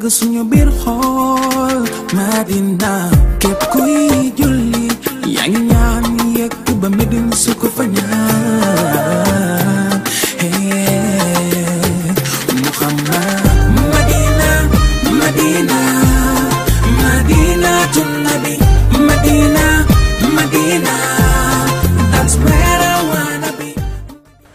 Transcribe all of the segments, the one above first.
bëgg suñu biir xol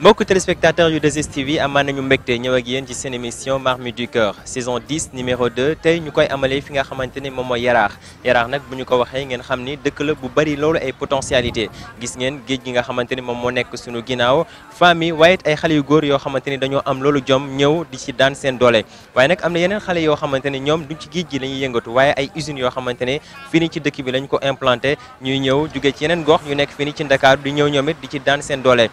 mbokk téléspectateurs yu 2STV amaan nañu mbégte ñëw ak ci seen émission Marmite du Cœur saison numéro 2 tey ñu koy amalee fi nga xamante ni moom moo yaraax yaraax nag bu ñu ko waxee ngeen xam ni dëkk la bu bari loolu ay potentialité gis ngeen géej gi nga xamante ni moom moo nekk suñu ginnaaw famille waaye ay xale yu góor yoo xamante ni dañoo am loolu jom ñëw di ci daan seen doole waaye nag am na yeneen xale yoo xamante ni ñoom duñ ci géej gi la yëngatu waaye ay usines yoo xamante ne fii ni ci dëkk bi lañ ko implanté ñuy ñëw jóge ci gox yu nekk ni ci Ndakaaru di ñëw ñoom it di ci daan seen doole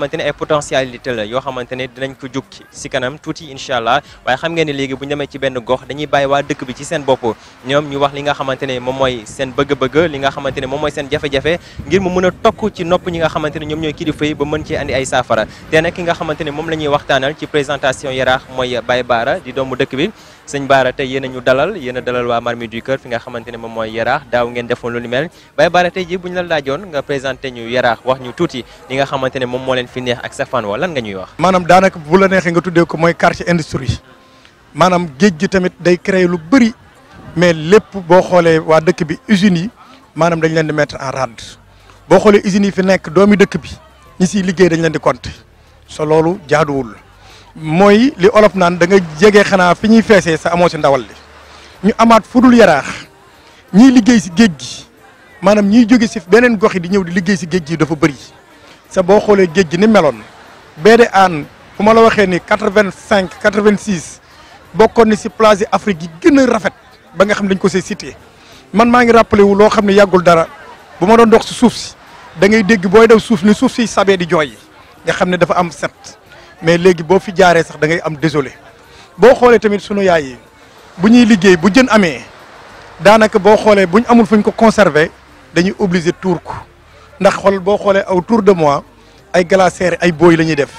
xamante ne ay potentialité la yoo xamante ne dinañ ko jukki si kanam tuuti incha allah waaye xam ngeen ne léegi bu ñu ci benn gox dañuy bàyyi waa dëkk bi ci seen bopp ñoom ñu wax li nga xamante ne moom mooy seen bëgg-bëgg li nga xamante ne moom mooy seen jafe-jafe ngir mu mën a tokk ci nopp ñi nga xamante ne ñoom ñooy kilifa yi ba mën ci indi ay saafara te nag nga xamante ne moom la ñuy waxtaanal ci présentation yaraax mooy Baye baara di doomu dëkk bi sëñ Bara tey yéen ñu dalal yéen a dalal waa Marmite du Cœur fi nga xamante ne moom mooy yaraax daaw ngeen defoon lu ni mel Baye Bara tey ji bu ñu la laajoon nga présenté ñu yaraax wax ñu tuuti li nga xamante ne moom moo leen fi neex ak sa fan wa lan nga ñuy wax maanaam daanaka bu la neexee nga tuddee ko mooy quartier industrie maanaam géej gi tamit day créer lu bëri mais lépp boo xoolee waa dëkk bi usines yi maanaam dañ leen di metre en rade boo xoolee usines yi fi nekk doomi dëkk bi ñi siy liggéey dañ leen di compter so loolu jaaduwul mooy li olof naan da nga jege xanaa fi ñuy feesee sa amoo si ndawal li ñu amaat fudul yaraax ñiy liggéey si géej gi maanaam ñiy jóge si beneen gox yi di ñëw di liggéey si géej gi dafa bëri sa boo xoolee géej gi ni meloon beede aan bu ma la waxee ni quatre-vingt-cinq quatre-vingt-six bokkoon ni si yi Afrique yi gën a rafet ba nga xam dañ ko see cité man maa ngi rappelé wu loo xam ne yàggul dara bu ma doon dox si suuf si da ngay dégg booy daw suuf ni suuf si sabee di jooy nga xam ne dafa am set mais léegi boo fi jaaree sax da ngay am désolé boo xoolee tamit sunu yaay yi bu ñuy liggéey bu jën amee daanaka boo xoolee bu amul fu ñu ko conserver dañuy obligé tuur ko ndax xool boo xoolee aw tour de mois ay glacières ay booy la ñuy def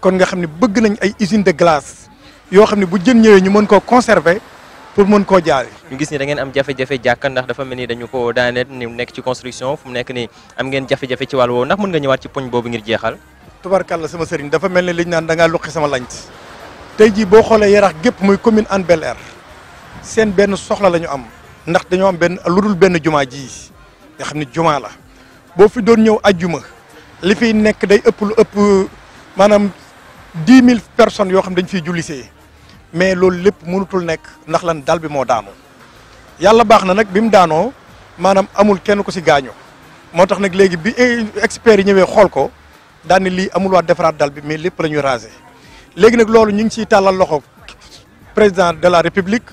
kon nga xam ni bëgg nañ ay usine de glace yoo xam ne bu jën ñëwee ñu mën koo conserver pour mën koo jaay. ñu gis ni da ngeen am jafe-jafe jàkka ndax dafa mel ni dañu ko daaneel ni nekk ci construction fu mu nekk am ngeen jafe-jafe wàll woowu ndax mën nga ñëwaat ci poñ boobu ngir jeexal. tubarkàlla sama sëriñ dafa mel ne li ñu naan da ngaa luqi sama lanc tey jii boo xoolee yarax gépp muy commune Hann Bel-Air seen benn soxla lañu am ndax dañoo am benn lu dul benn jumaa ji nga xam ne jumaa la boo fi doon ñëw ajjuma li fiy nekk day ëpp lu ëpp maanaam dix mille personnes yoo xam dañ fiy jullisee mais loolu lépp mënutul nekk ndax lan dal bi moo daanu yàlla baax na nag bi mu daanoo maanaam amul kenn ko si gaañu moo tax nag léegi bi eh, experts y ñëwee xool ko daan lii amul waa defaraat dal bi mais lépp lañuy ñuy raser léegi nag loolu ñu ngi ciy tàllal loxo président de la république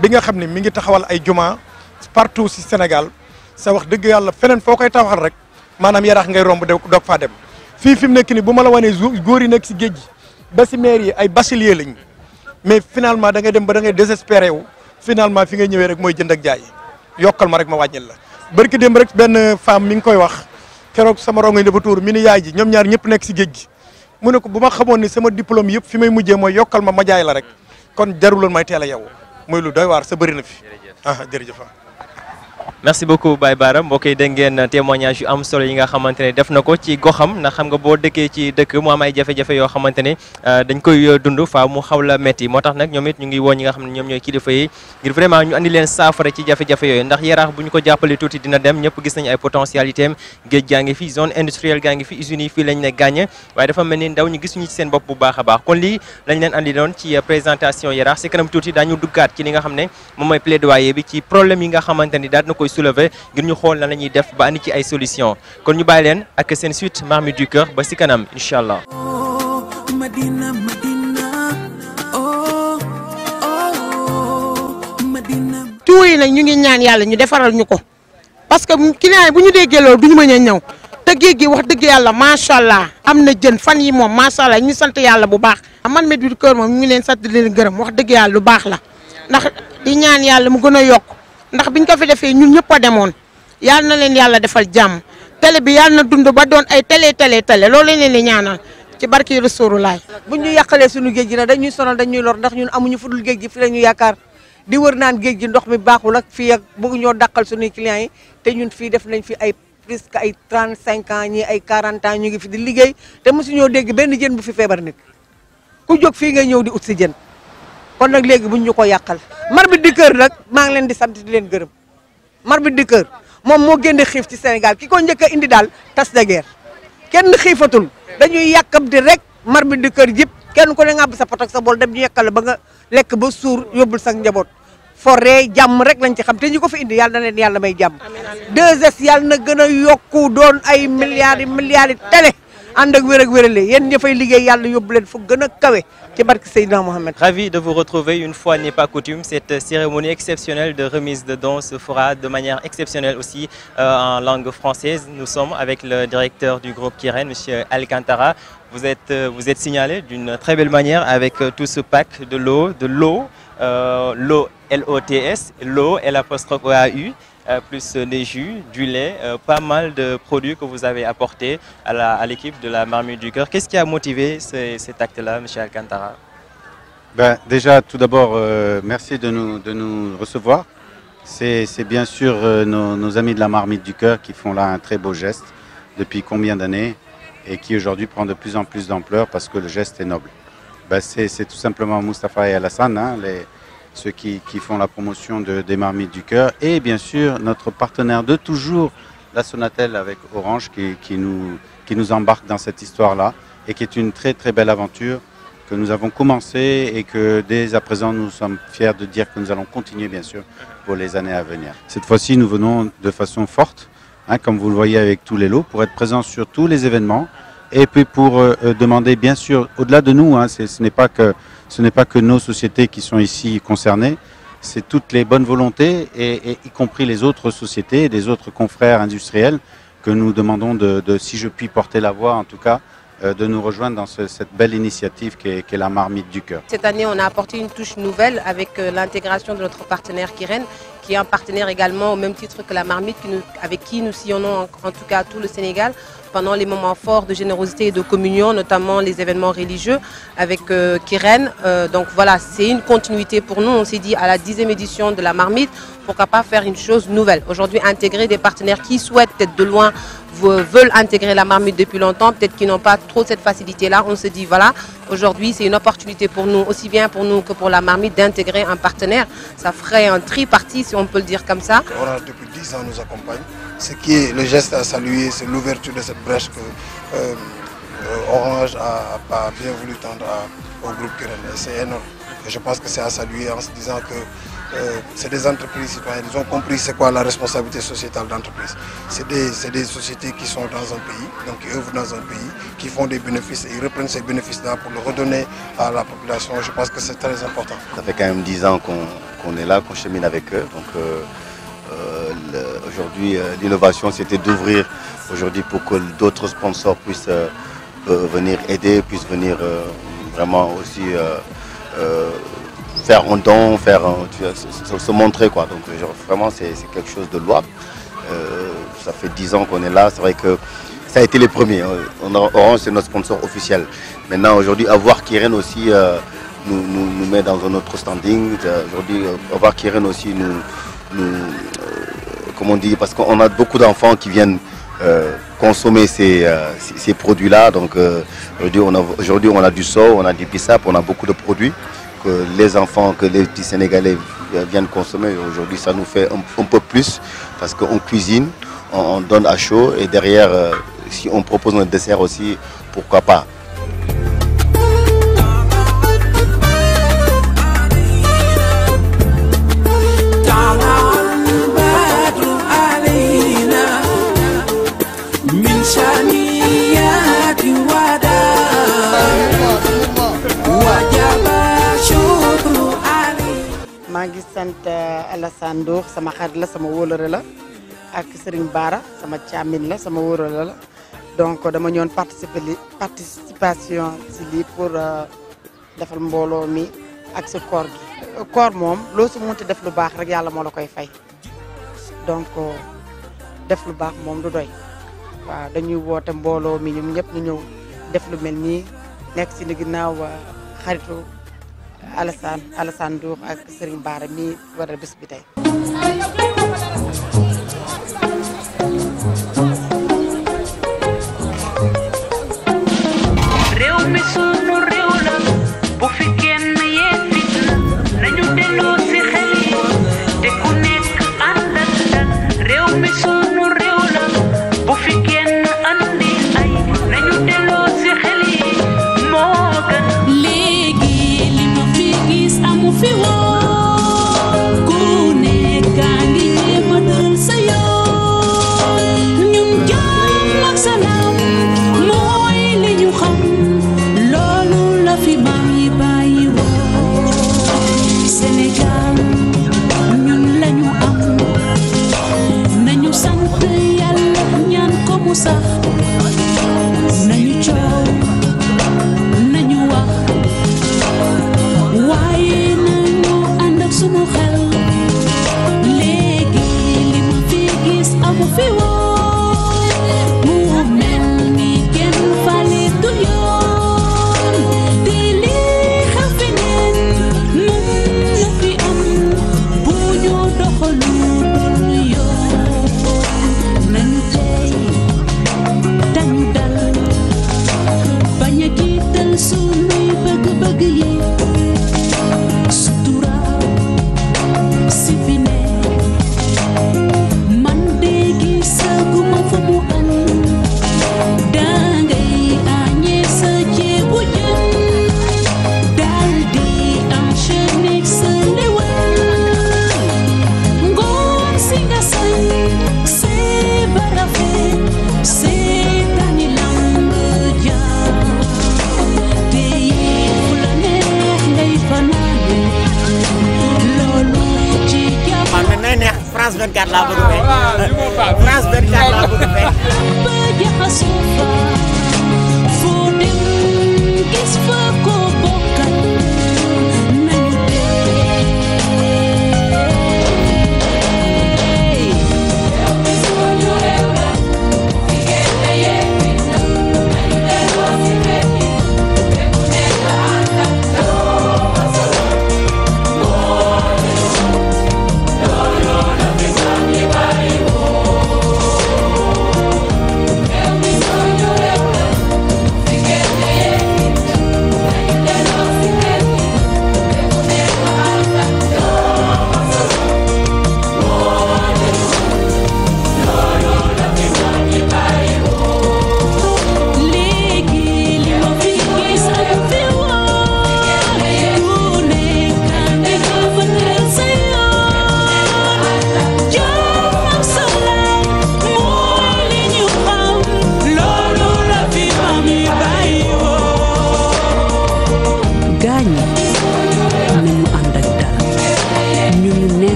bi nga xam ne mi ngi taxawal ay jumaa partout si Sénégal sa wax dëgg yàlla feneen foo koy taxawal rek maanaam yaraax ngay romb doog faa dem fii fi mu nekk nii bu ma la wanee góor yi nekk si géej gi ba si maire yi ay bachelier lañ mais finalement da ngay dem ba da ngay désespéré wu finalement fi ngay ñëwee rek mooy jënd ak jaay yokkal ma rek ma wàññil la barki dem rek benn femme mi ngi koy wax. keroog sama rongoñ dafa tuur mi ni yaay ji ñoom ñaar ñëpp nekk si géej gi mu ne ko bu ma xamoon ni sama diplôme yëpp fi may mujjee mooy yokkal ma ma jaay la rek kon jaruloon may teel a yow muy lu doy waar sa bëri na fi ah jërëjëf merci beaucoup Baye Bara mbokk yi dégg témoignage yu am solo yi nga xamante def na ko ci goxam ndax xam nga boo dëkkee ci dëkk mu am ay jafe-jafe yoo xamante euh, dañ koy euh, dund faaw mu xaw la metti moo tax nag ñoom ñu ngi woo nga xam ne ñoom ñooy kilifa yi ngir vraiment ci jafe-jafe yooyu ndax yaraax bu ñu ko jàppale tuuti dina dem ñëpp gis nañu ay potentialité géej gaa ngi fi zone industrielle gaa ngi fi usines yi fii lañ ne gàññe waaye dafa mel a baax kon lii lañ leen andi doon euh, soulever ngir ñu xool lan la ñuy def ba andi ci ay solution kon ñu bàyyi leen ak seen suite Marmite du Cœur ba si kanam incha allah. tuur yi nag ñu ngi ñaan yàlla ñu defaral ñu ko parce que client bu ñu déggee loolu du ñu mën a ñëw te gi wax dëgg yàlla macha allah am na jën fan yi moom macha allah ñu sant yàlla bu baax. Marmite du Cœur moom ñu ngi leen sant leen gërëm wax dëgg yàlla lu baax la ndax di ñaan yàlla mu gën a yokk. ndax biñ ko fi defee ñun ñëpp a demoon yal na leen yàlla defal jàmm télé bi yal na dund ba doon ay télé télé télé loolu lañ leen di ñaanal ci barki Rasulullah bu ñu yàqalee suñu géej gi nag dañuy sonal dañuy lor ndax ñun amuñu fudul géej gi fi la ñu yaakaar di wër naan géej gi ndox mi baaxul ak fii ak bëgg ñoo dàqal suñuy clients yi te ñun fii def nañ fi ay presque ay 35 ans ñi ay 40 ans ñu ngi fi di liggéey te mosuñoo dégg benn jën bu fi feebar nit ku jóg fii ngay ñëw di ut kon nag léegi buñ ñu ko yàqal Marmite du Cœur nag maa ngi leen di sant di leen gërëm Marmite du Cœur moom moo génne xiif ci Sénégal ki ko njëkka indi daal tas de guerre kenn xiifatul dañuy yàkkamti rek Marmite du Cœur yëpp kenn ku ne ngàbb sa pot ak sa bool dem ñu yekkal ba nga lekk ba suur yóbbul sa njaboot foree jàmm rek lañ ci xam te ñu ko fi indi yàlla leen yàlla may jàmm 2S yàlla na gën a yokku doon ay milliards yi milliards yi télé ànd ak wér ak wérale yéen ña fay liggéey yàlla yóbbu leen fu gën a kawe ci barke Seydina Mohamed. ravi de vous retrouver une fois n'est pas coutume cette cérémonie exceptionnelle de remise de dons se fera de manière exceptionnelle aussi euh, en langue française nous sommes avec le directeur du groupe Kirène monsieur Alcantara vous euh, vous êtes signalé d'une très belle manière avec euh, tout ce pack de l'eau de l'eau euh, l'eau L U Euh, plus euh, des jus, du lait, euh, pas mal de produits que vous avez apportés à l'équipe de la Marmite du Cœur. Qu'est-ce qui a motivé ce, cet acte-là, M. Alcantara ben, Déjà, tout d'abord, euh, merci de nous, de nous recevoir. C'est bien sûr euh, nos, nos, amis de la Marmite du Cœur qui font là un très beau geste depuis combien d'années et qui aujourd'hui prend de plus en plus d'ampleur parce que le geste est noble. Ben, C'est tout simplement Mustafa et Alassane, hein, ceux qui, qui, font la promotion de, des du cœur, et bien sûr notre partenaire de toujours, la Sonatel avec Orange, qui, qui nous, qui nous embarque dans cette histoire-là, et qui est une très très belle aventure que nous avons commencé et que dès à présent nous sommes fiers de dire que nous allons continuer bien sûr pour les années à venir. Cette fois-ci nous venons de façon forte, hein, comme vous le voyez avec tous les lots, pour être présents sur tous les événements et puis pour euh, euh, demander, bien sûr, au-delà de nous, hein, ce n'est pas que ce n'est pas que nos sociétés qui sont ici concernées, c'est toutes les bonnes volontés, et, et, y compris les autres sociétés, des autres confrères industriels, que nous demandons de, de, si je puis porter la voix en tout cas, euh, de nous rejoindre dans cette belle initiative qui la marmite du cœur. Cette année, on a apporté une touche nouvelle avec euh, l'intégration de notre partenaire Kiren, qui est un partenaire également le Sénégal pendant les moments forts de générosité et de communion, notamment les événements religieux avec euh, Kiren. Euh, donc voilà, c'est une continuité pour nous. On s'est dit à la dixième édition de la marmite, pourquoi pas faire une chose nouvelle. Aujourd'hui, intégrer des partenaires qui souhaitent peut-être de loin veulent intégrer la marmite depuis longtemps, peut-être qu'ils n'ont pas trop cette facilité que pour la marmite, d'intégrer un partenaire. Ça ferait un tripartite, si on peut le dire comme ça. Orange, depuis 10 ans, nous accompagne. ce qui est le geste à saluer, c'est l'ouverture de cette brèche que euh, Orange a, a, bien voulu tendre à, au groupe Kirel. C'est énorme. Et je pense que c'est à saluer en se disant que euh, c'est des entreprises citoyennes. Ils ont compris c'est quoi la responsabilité sociétale d'entreprise. C'est des, des, sociétés qui sont dans un pays, donc qui œuvrent dans un pays, qui font des bénéfices et ils reprennent ces bénéfices-là pour le redonner à la population. Je pense que c'est très important. Ça fait quand même 10 ans qu'on qu est là, qu'on chemine avec eux. Donc, euh... Euh, aujourd'hui, euh, l'innovation, c'était d'ouvrir aujourd'hui pour que d'autres sponsors puissent euh, venir aider, puissent venir aussi faire un don, faire un, tu se, montrer. Quoi. c'est quelque chose de louable. Euh, fait 10 ans qu'on est là. C'est que ça a été On a, Orange, c'est notre sponsor officiel. Maintenant, aujourd'hui, avoir Kiren aussi nous, met dans un autre standing. Aujourd'hui, avoir Kiren aussi nous, nous comme parce qu'on a beaucoup d'enfants qui viennent euh, consommer ces, euh, produits-là. Donc euh, aujourd'hui, on, aujourd on, a du saut, on a du bissap, on a beaucoup de produits que les enfants, que les Sénégalais viennent consommer. Aujourd'hui, ça nous fait un, un peu plus parce qu'on cuisine, on, donne à chaud et derrière, euh, si on propose notre dessert aussi, pourquoi pas. Alassane Ndour sama xarit la sama wóolare la ak Serigne Bara sama càmmin la sama wóolare la donc dama ñoon participer li participation si lii pour euh, defal mbooloo mi ak si koor gi. koor moom loo si munti def lu baax rek yàlla moo la koy fay donc euh, def lu baax moom du doy waaw dañuy woote mbooloo mi ñoom ñëpp ñu ñëw def lu mel nii nekk si ginnaaw euh, xaritu. Alassane Alassane Ndour ak Serigne Bara mi waral bés bi tey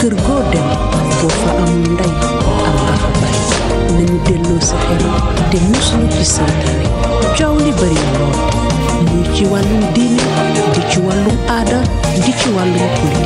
kër goo dem boo fa amul ndey am nga fa bay nañu delloo sa xel te muslu ci seytaane coow li bëri na lool ci wàllum diine di ci wàllum aada di ci wàllum politique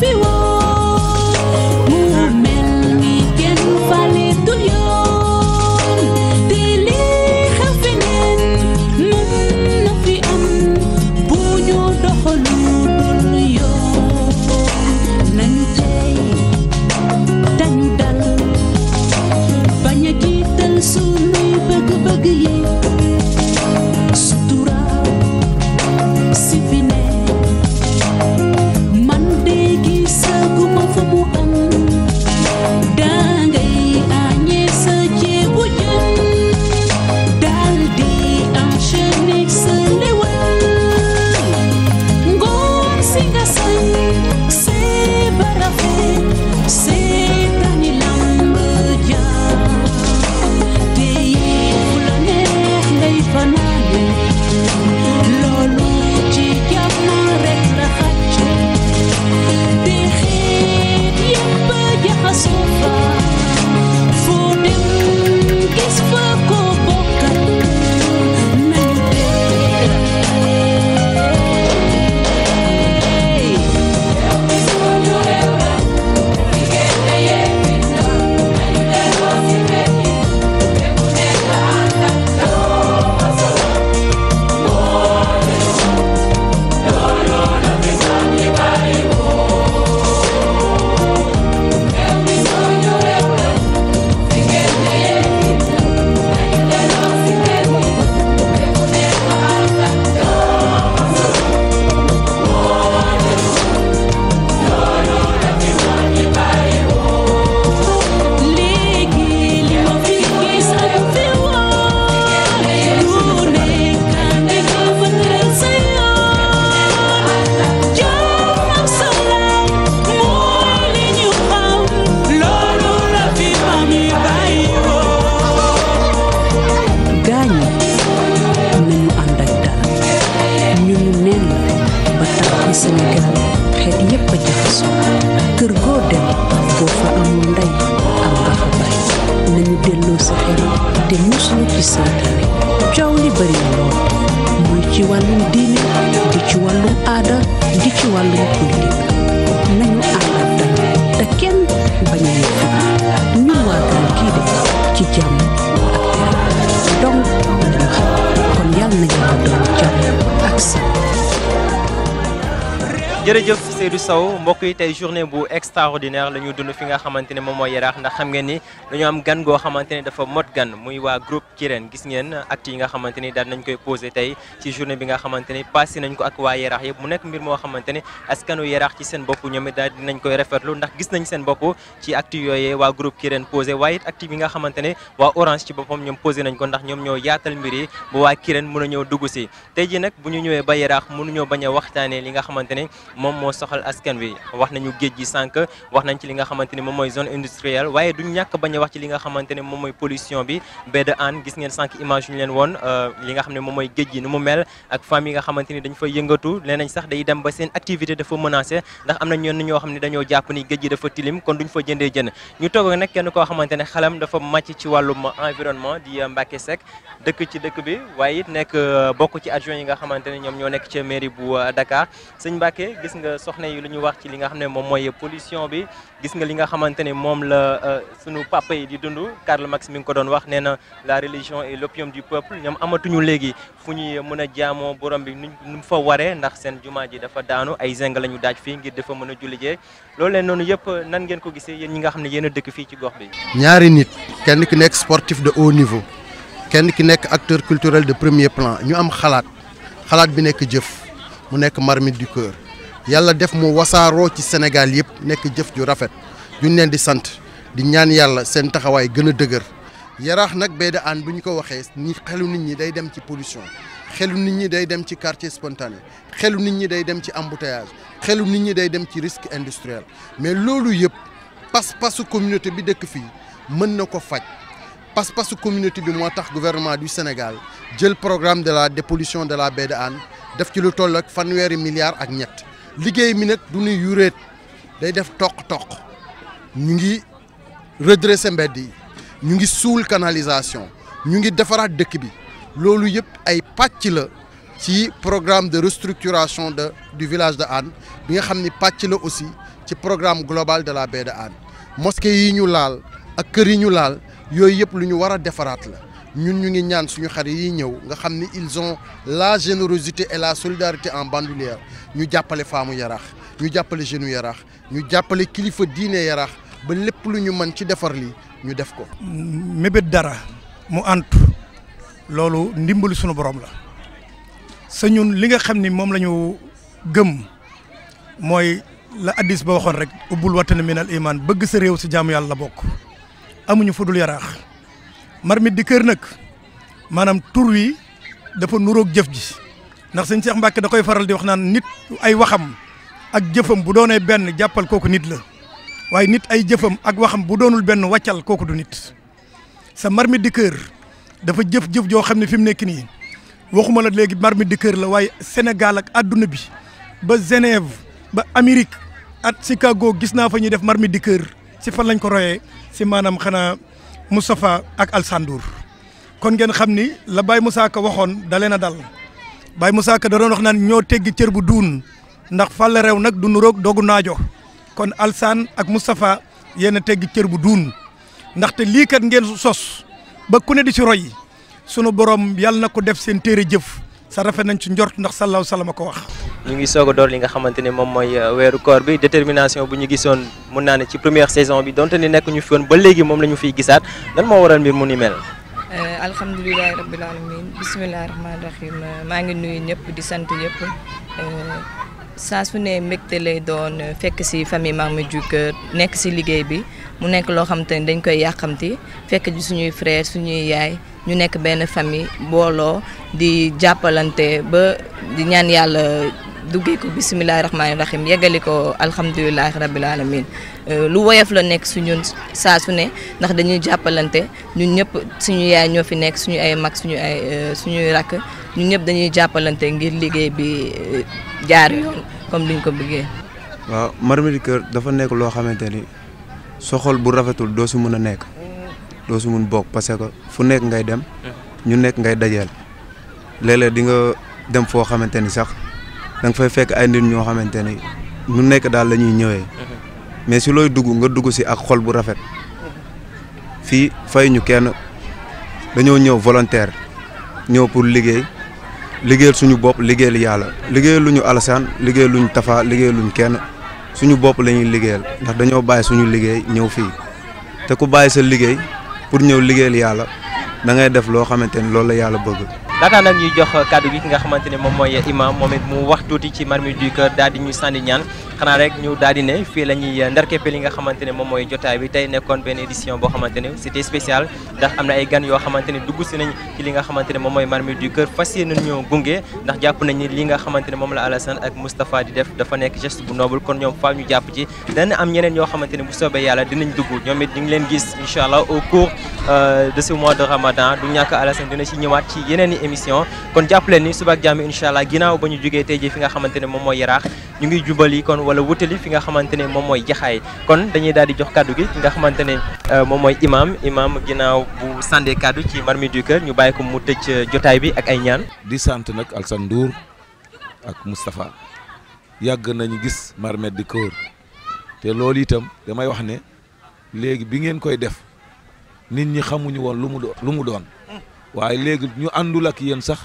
fi wọ́n. Oh. ànd ak jullit nañu ànd ak dal te kenn bañ a yëngu ñun ci jàmm ak teral dong lañu xam kon yàlla na yàlla doon jàmm ak sa Seydou Sow mbokk yi tey journée bu extraordinaire la ñu dund fi nga xamante ne moom mooy yaraax ndax xam ngeen ni dañoo am gan goo xamante dafa mot gan muy waa groupe Kirène gis ngeen acte nga xamante daal nañ koy posé tey ci journée bi nga xamante ni nañ ko ak waa yaraax yëpp mu nekk mbir moo xamante askanu yaraax ci seen bopp ñoom it daal dinañ koy rafetlu ndax gis nañ seen bopp ci acte yooyee waa groupe Kirène posé waaye it acte a a soxal askan wi wax nañu géej gi sànq wax nañ ci li nga xamante ni moom mooy zone industrielle waaye du ñàkk bañ a wax ci li nga xamante ne mooy pollution bi baie de Hann gis ngeen sànq image ñu leen woon euh, li nga xam ne moom mooy géej gi nu mu mel ak femmes yi nga xamante ni dañ fay yëngatu leenañ sax day dem ba seen activité dafa menacé ndax am na ñenn ñoo xam ne dañoo jàpp ni géej gi dafa tilim kon duñ fa jëndee jën ñu toog nag kenn koo xamante ne xelam ñoo nekk ci mairie bu euh, Dakar soxna lu ñu wax ci li nga xam ne moom mooy pollution bi gis nga li nga xamante ne moom la euh, sunu papa yi di dund Karl Marx mi ngi ko doon wax nee na la religion et l'opium du peuple ñoom amatuñu léegi fu ñuy mën a jaamoo borom bi nu mu fa waree ndax seen jumaa ji dafa daanu ay zeng la ñu daaj fii ngir dafa mën a jullijee loolu leen noonu yëpp nan ngeen ko gisee yéen ñi nga xam ne yéen a dëkk fii ci gox bi. ñaari nit kenn ki nekk sportif de haut niveau kenn ki nekk acteur culturel de premier plan ñu am xalaat xalaat bi nekk jëf mu nekk marmite du cœur yàlla def mu wasaaroo ci Sénégal yëpp nekk jëf ju rafet ñu leen di sant di ñaan yàlla seen taxawaay gën a dëgër yaraax nag Baie de Hann bu ñu ko waxee ni xelu nit ñi day dem ci pollution xelu nit ñi day dem ci quartier spontané xelu nit ñi day dem ci embouteillage xelu nit ñi day dem ci risque industriel mais loolu yëpp pas-pasu communauté bi dëkk fii mën na ko faj pas-pasu communauté bi moo tax gouvernement du Sénégal jël programme de la dépollution de la Baie de Hann lu toll ak fanweeri milliards ak ñett liggéey mi nag du ñuy yuréet day def toq-toq ñu ngi redresser mbedd yi ñu ngi suul canalisation ñu ngi defaraat dëkk bi loolu yëpp ay pàcc la ci programme de restructuration de du village de Hann bi nga xam ni pàcc la aussi ci programme global de la baie de Hann mosquée yi ñu laal ak kër yi ñu laal yooyu yëpp lu ñu war a defaraat la ñun ñu ngi ñaan suñu xar yi ñëw nga xam ni ils ont la générosité et la solidarité en bandoulière ñu jàppale faamu yaraax ñu jàppale jeunes yaraax ñu jàppale kilifa diine yaraax ba lépp lu ñu mën ci defar li ñu def ko. mébét dara mu ant loolu ndimbali suñu borom la sa ñun li nga xam ni moom la ñu gëm mooy la addis ba waxoon rek ubbul watana na iman bëgg sa réew si jaamu yàlla la bokk amuñu fudul yaraax. marmite di kër nag maanaam tur wi dafa nuroog jëf ji ndax sëñ Cheikh Mbacke da koy faral di wax naan nit ay waxam ak jëfam bu doonee benn jàppal kooku nit la waaye nit ay jëfam ak waxam bu doonul benn wàccal kooku du nit sa marmite di kër dafa jëf-jëf joo xam ne fi mu nekk nii waxuma la léegi marmite di kër la waaye Sénégal ak adduna bi ba Genève ba Amérique at Chicago gis naa fa ñuy def marmite di kër si fan lañ ko royee si maanaam xanaa Moustapha ak Alsandour kon ngeen xam ni la Baye Moussa Ka waxoon dalee na dal Baye Moussa Ka da doon wax ñoo teggi cër bu duun ndax fàll rew nag du nuroog dogu naajo kon Alsaan ak mustapha yéen a teggi cër bu duun ndaxte lii kat ngeen sos ba ku ne di ci roy sunu borom yàlla na ko def seen téere jëf sa rafet nañ ci njort ndax sallallahu salama ko wax ñu ngi soog a door li nga xamante ne moom mooy euh, weeru koor bi détermination bu ñu gisoon mun naa ne ci première saison bi donte ni nekk ñu fi woon ba léegi moom la ñu fiy gisaat lan moo waral mbir mu ni mel euh, alhamdulilahi rabbil alamin bismillahi rahmani rahim euh, maa ngi nuyu ñëpp di sant ñëpp saa su ne mbégte lay doon fekk si famille Marmite mi Cœur nekk si liggéey bi mu nekk loo xam te ne dañ koy yàqamti fekk ji suñuy frère suñuy yaay ñu nekk benn famille booloo di jàppalante ba di ñaan yàlla duggee ko bisimilah rahmaani rahim yeggali ko alhamdulilah rabil alamin euh, lu woyof la nekk suñu saa su ne ndax dañuy jàppalante ñun ñëpp suñu yaay ñoo fi nekk suñu ay mag suñu ay euh, suñuy rakk. ñun ñëpp dañuy jàppalante ngir liggéey bi eh, jaar yoon comme liñ ko bëggee. waaw Marmite Cœur dafa nekk loo xamante ni soo xol bu rafetul doo si mën a nekk doo si mun bokk parce que fu nekk ngay dem ñu nekk ngay dajeel léeg-léeg di nga dem foo xamante ni sax da fay fekk ay nit ñoo xamante ni ñu nekk daal lañuy ñëwee mais si looy dugg nga dugg si ak xol bu rafet fii fay ñu kenn dañoo ñëw volontaire ñëw pour liggéey. liggéeyal suñu bopp liggéeyal yàlla liggéeyal luñu Alassane liggéeyal luñu Tafa liggéeyal luñu kenn suñu bopp la ñuy liggéeyal ndax dañoo bàyyi suñu liggéey ñëw fii te ku bàyyi sa liggéey pour ñëw liggéeyal yàlla da ngay def loo xamante ni loolu la yàlla bëgg. daataa nag ñuy jox kàddu gi ki nga xamante ne moom mooy imam moom it mu wax tuuti ci Marmite du Cœur daal di ñu xanaa rek ñu daal di ne fii la ñuy ndarkeppe li nga xamante ne moom mooy jotaay bi tey nekkoon benn édition boo xamante ne c'était spécial ndax am na ay gan yoo xamante ne dugg si nañ ci li nga xamante moom mooy marmite du cœur fas yéene nañu gunge ndax moom la Alassane ak Moustapha di def dafa nekk geste bu noble kon ñoom faaw ñu jàpp ci dana am ñeneen yoo xamante ne bu soobee yàlla dinañ dugg ñoom it ñu leen gis incha au cours euh, de ce mois de ramadan du ñàkk Alassane dina ci ñëwaat ci yeneen i émission kon jàpp leen ni subaak ñu jógee tey ji fi nga xamante ne moom mooy yaraax ñu ngi jubali kon wala wutali fi nga xamante ne moom mooy jaxaay kon dañuy daal di jox kàddu gi fi nga xamante ne euh, moom mooy imaam imaam ginnaaw bu sàndee kàddu ci Marmite du Cœur ñu bàyyi ko mu tëj euh, jotaay bi ak ay ñaan. di sant nag Alassane Ndour ak Moustapha yàgg nañu gis Marmite du te loolu itam damay wax ne léegi bi ngeen koy def nit ñi xamuñu woon lu mu doon lu mu doon mm. waaye léegi ñu àndul ak yéen sax.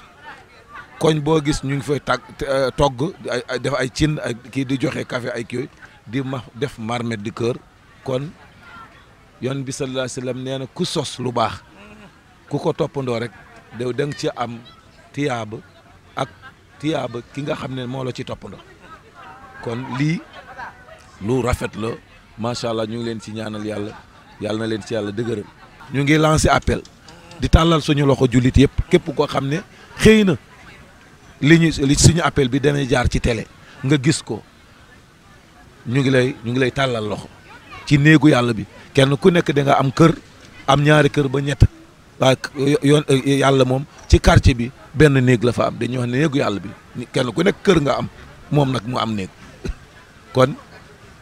koñ boo gis ñu ngi fay tàgg euh, togg ay def ay cin ay kii di joxe café ay kii di ma def marmite di kër kon yon bi sallallahu alayhi wasallam nee na ku sos lu baax ku ko toppandoo rek daw nga ci am tiyaaba ak tiyaaba ki nga xam ne moo la ci toppandoo kon lii lu rafet la macha allah ñu ngi leen ci ñaanal yàlla yàlla na leen ci yàlla dëgëral. ñu ngi lancé appel di tàllal suñu loxo jullit yëpp képp koo xam ne xëy na. li ñu li suñu appel bi danay jaar ci télé nga gis ko ñu ngi lay ñu ngi lay tàllal loxo ci néegu yàlla bi kenn ku nekk danga am kër am ñaari kër ba ñett waaye yoon moom ci quartier bi benn néeg la fa am dañuy néegu yàlla bi kenn ku nekk kër nga am moom nag mu am néeg kon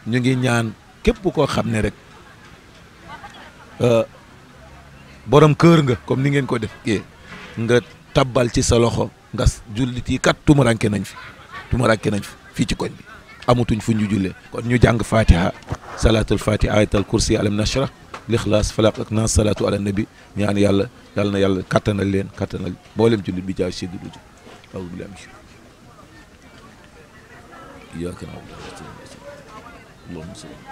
ñu ngi ñaan képp koo xam ne rek euh, boroom kër nga comme ni ngeen ko def nga tabbal ci sa loxo ngas jullit yi kat tumuranke nañ fi tumuranke nañ fi fii ci koñ bi amatuñ fu ñu jullee kon ñu jàng fatiha salaatul fatiha ayatal kursi alam nashrah lixlaas falaq ak naas salaatu ala nabi ñaan yàlla yàlla yàlla kattanal leen kattanal mboolem jullit bi jaay séddu du ji